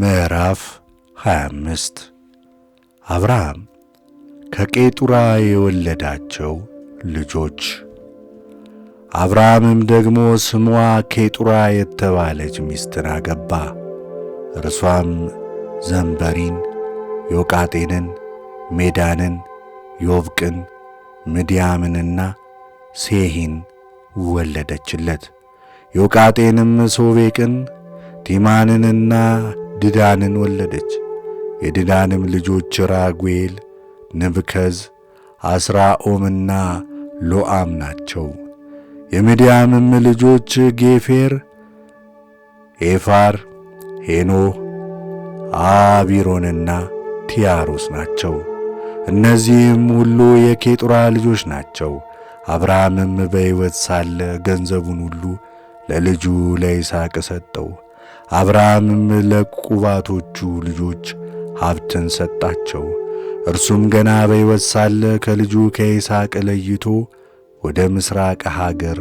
ምዕራፍ 25 አብርሃም ከቄጡራ የወለዳቸው ልጆች። አብርሃምም ደግሞ ስሟ ኬጡራ የተባለች ሚስትን አገባ። እርሷም ዘንበሪን፣ ዮቃጤንን፣ ሜዳንን፣ ዮብቅን፣ ምድያምንና ሴሂን ወለደችለት። ዮቃጤንም ሶቤቅን፣ ቲማንንና ድዳንን ወለደች። የድዳንም ልጆች ራጉኤል፣ ንብከዝ፣ አስራኦምና ሎአም ናቸው። የምድያምም ልጆች ጌፌር፣ ኤፋር፣ ሄኖህ፣ አቢሮንና ቲያሮስ ናቸው። እነዚህም ሁሉ የኬጡራ ልጆች ናቸው። አብርሃምም በሕይወት ሳለ ገንዘቡን ሁሉ ለልጁ ለይስሐቅ ሰጠው። አብርሃምም ለቁባቶቹ ልጆች ሀብትን ሰጣቸው። እርሱም ገና በሕይወት ሳለ ከልጁ ከይስሐቅ ለይቶ ወደ ምሥራቅ ሀገር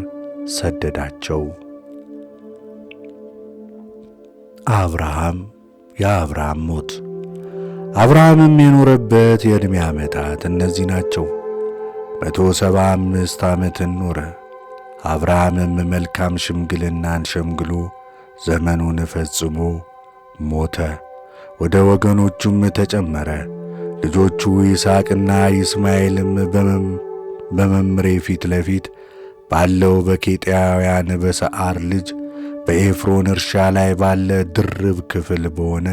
ሰደዳቸው። አብርሃም የአብርሃም ሞት። አብርሃምም የኖረበት የዕድሜ ዓመታት እነዚህ ናቸው። መቶ ሰባ አምስት ዓመትን ኖረ። አብርሃምም መልካም ሽምግልናን ሸምግሎ ዘመኑን ፈጽሞ ሞተ፣ ወደ ወገኖቹም ተጨመረ። ልጆቹ ይስሐቅና ይስማኤልም በመምሬ ፊት ለፊት ባለው በኬጢያውያን በሰዓር ልጅ በኤፍሮን እርሻ ላይ ባለ ድርብ ክፍል በሆነ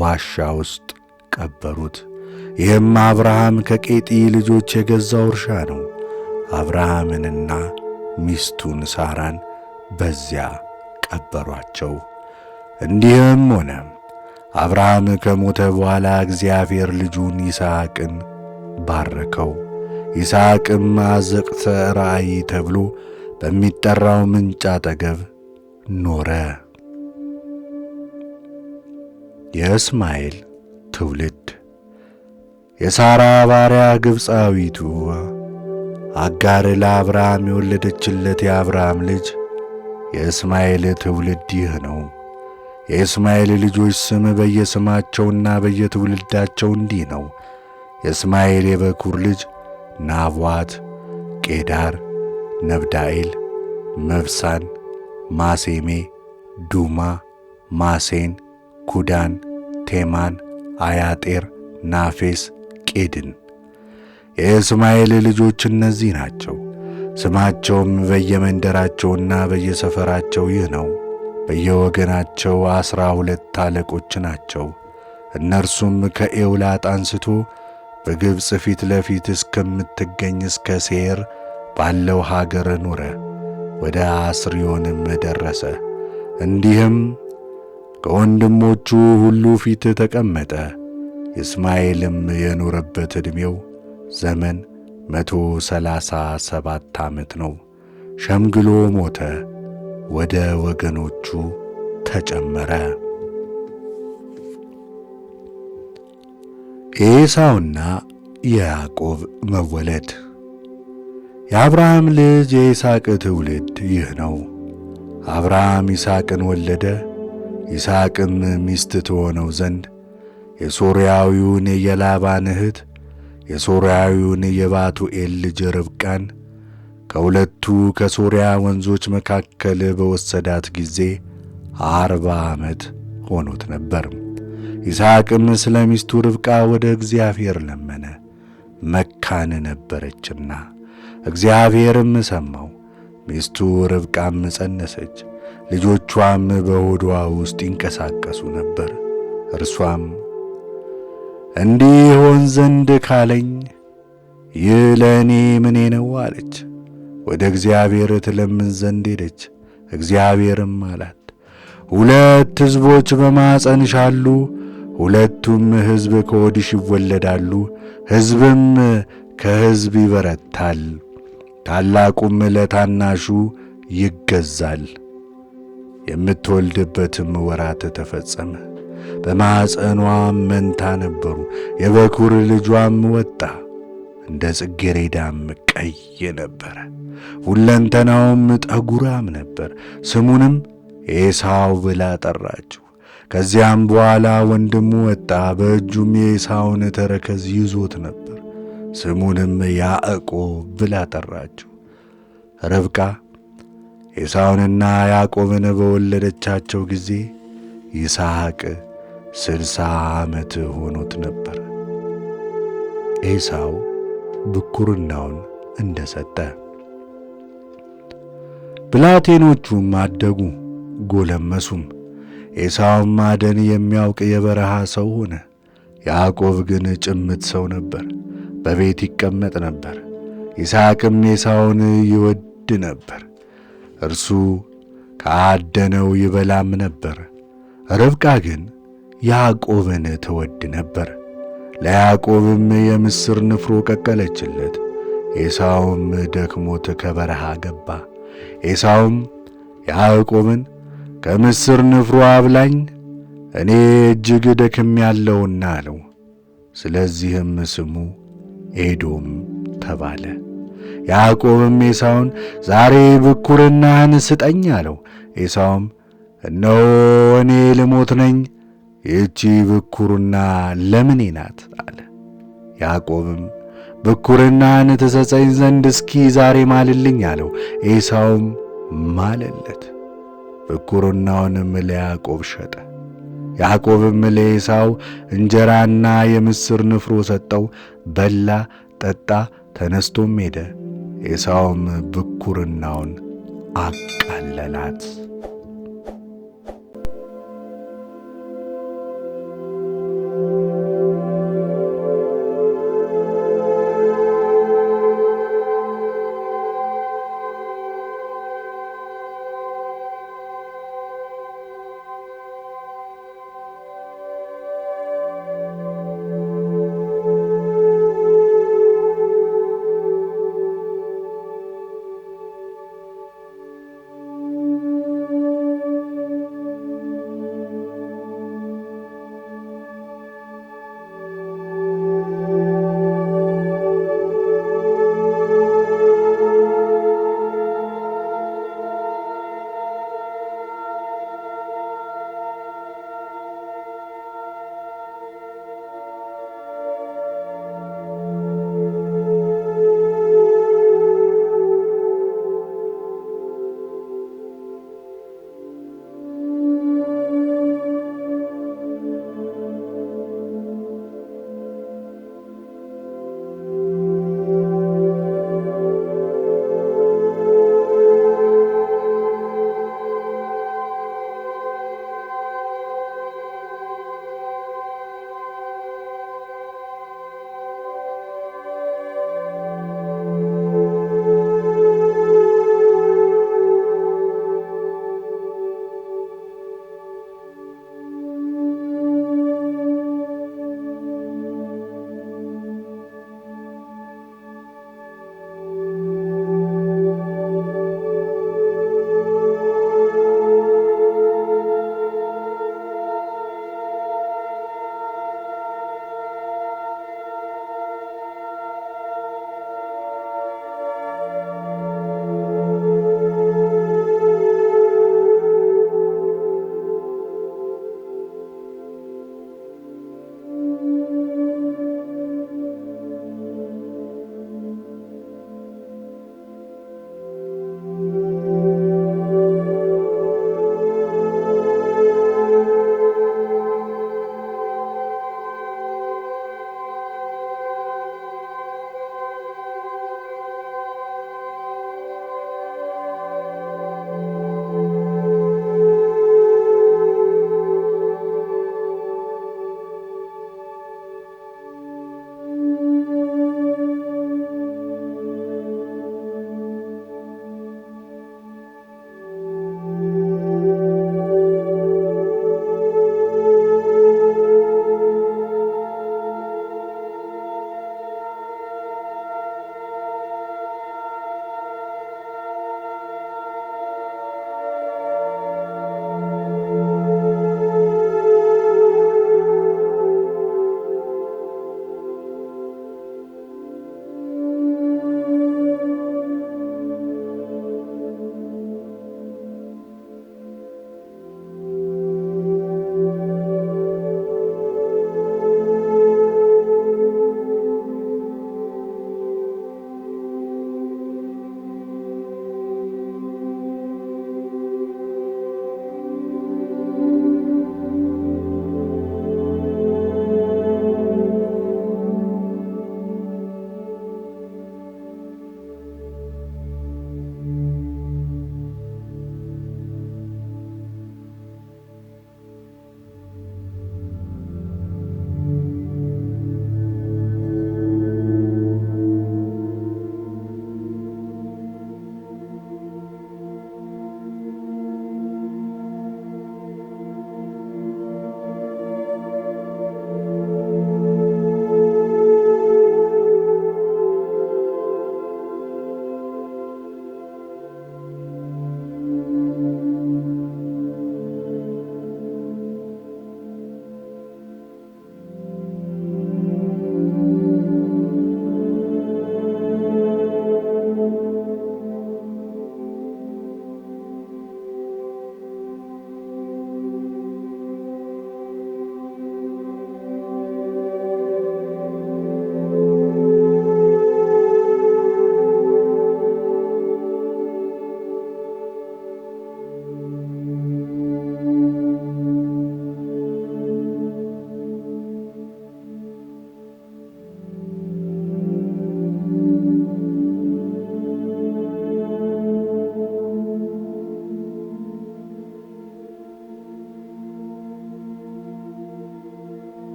ዋሻ ውስጥ ቀበሩት። ይህም አብርሃም ከቄጢ ልጆች የገዛው እርሻ ነው። አብርሃምንና ሚስቱን ሳራን በዚያ ቀበሯቸው። እንዲህም ሆነ አብርሃም ከሞተ በኋላ እግዚአብሔር ልጁን ይስሐቅን ባረከው። ይስሐቅም አዘቅተ ራእይ ተብሎ በሚጠራው ምንጭ አጠገብ ኖረ። የእስማኤል ትውልድ የሳራ ባሪያ ግብፃዊቱ አጋር ለአብርሃም የወለደችለት የአብርሃም ልጅ የእስማኤል ትውልድ ይህ ነው። የእስማኤል ልጆች ስም በየስማቸውና በየትውልዳቸው እንዲህ ነው። የእስማኤል የበኩር ልጅ ናቧት፣ ቄዳር፣ ነብዳኤል፣ መብሳን፣ ማሴሜ፣ ዱማ፣ ማሴን፣ ኩዳን፣ ቴማን፣ አያጤር፣ ናፌስ፣ ቄድን። የእስማኤል ልጆች እነዚህ ናቸው። ስማቸውም በየመንደራቸውና በየሰፈራቸው ይህ ነው። በየወገናቸው ዐሥራ ሁለት አለቆች ናቸው። እነርሱም ከኤውላጥ አንስቶ በግብፅ ፊት ለፊት እስከምትገኝ እስከ ሴር ባለው ሀገር ኖረ። ወደ አስሪዮንም ደረሰ። እንዲህም ከወንድሞቹ ሁሉ ፊት ተቀመጠ። እስማኤልም የኖረበት ዕድሜው ዘመን መቶ ሰላሳ ሰባት ዓመት ነው። ሸምግሎ ሞተ፣ ወደ ወገኖቹ ተጨመረ። ኤሳውና የያዕቆብ መወለድ የአብርሃም ልጅ የይስሐቅ ትውልድ ይህ ነው። አብርሃም ይስሐቅን ወለደ። ይስሐቅም ሚስት ትሆነው ዘንድ የሶርያዊውን የላባን እህት የሶርያዊውን የባቱኤል ልጅ ርብቃን ከሁለቱ ከሶርያ ወንዞች መካከል በወሰዳት ጊዜ አርባ ዓመት ሆኖት ነበር። ይስሐቅም ስለ ሚስቱ ርብቃ ወደ እግዚአብሔር ለመነ፣ መካን ነበረችና። እግዚአብሔርም ሰማው። ሚስቱ ርብቃም ጸነሰች፣ ልጆቿም በሆዷ ውስጥ ይንቀሳቀሱ ነበር። እርሷም እንዲህ ዘንድ ካለኝ ይህ ለእኔ ምኔ ነው አለች። ወደ እግዚአብሔር ትለምን ዘንድ ሄደች። እግዚአብሔርም አላት ሁለት ሕዝቦች በማኅፀንሽ አሉ፣ ሁለቱም ሕዝብ ከወዲሽ ይወለዳሉ፣ ሕዝብም ከሕዝብ ይበረታል፣ ታላቁም ለታናሹ ይገዛል። የምትወልድበትም ወራት ተፈጸመ። በማኅፀኗም መንታ ነበሩ። የበኩር ልጇም ወጣ፣ እንደ ጽጌሬዳም ቀይ ነበረ፣ ሁለንተናውም ጠጉራም ነበር። ስሙንም ኤሳው ብላ ጠራችው። ከዚያም በኋላ ወንድሙ ወጣ፣ በእጁም የኤሳውን ተረከዝ ይዞት ነበር። ስሙንም ያዕቆብ ብላ ጠራችው። ርብቃ ኤሳውንና ያዕቆብን በወለደቻቸው ጊዜ ይስሐቅ ስልሳ ዓመት ሆኖት ነበር ኤሳው ብኩርናውን እንደ ሰጠ። ብላቴኖቹም አደጉ ጎለመሱም። ኤሳውም ማደን የሚያውቅ የበረሃ ሰው ሆነ። ያዕቆብ ግን ጭምት ሰው ነበር፣ በቤት ይቀመጥ ነበር። ይስሐቅም ኤሳውን ይወድ ነበር፣ እርሱ ከአደነው ይበላም ነበር። ርብቃ ግን ያዕቆብን ትወድ ነበር። ለያዕቆብም የምስር ንፍሮ ቀቀለችለት። ኤሳውም ደክሞት ከበረሃ ገባ። ኤሳውም ያዕቆብን ከምስር ንፍሮ አብላኝ፣ እኔ እጅግ ደክሜያለሁና አለው። ስለዚህም ስሙ ኤዶም ተባለ። ያዕቆብም ኤሳውን ዛሬ ብኩርናህን ስጠኝ አለው። ኤሳውም እነሆ እኔ ልሞት ነኝ ይህቺ ብኩርና ለምኔ ናት አለ። ያዕቆብም ብኩርናን ትሰጠኝ ዘንድ እስኪ ዛሬ ማልልኝ አለው። ኤሳውም ማለለት። ብኩርናውንም ለያዕቆብ ሸጠ። ያዕቆብም ለኤሳው እንጀራና የምስር ንፍሮ ሰጠው። በላ፣ ጠጣ፣ ተነስቶም ሄደ። ኤሳውም ብኩርናውን አቃለላት።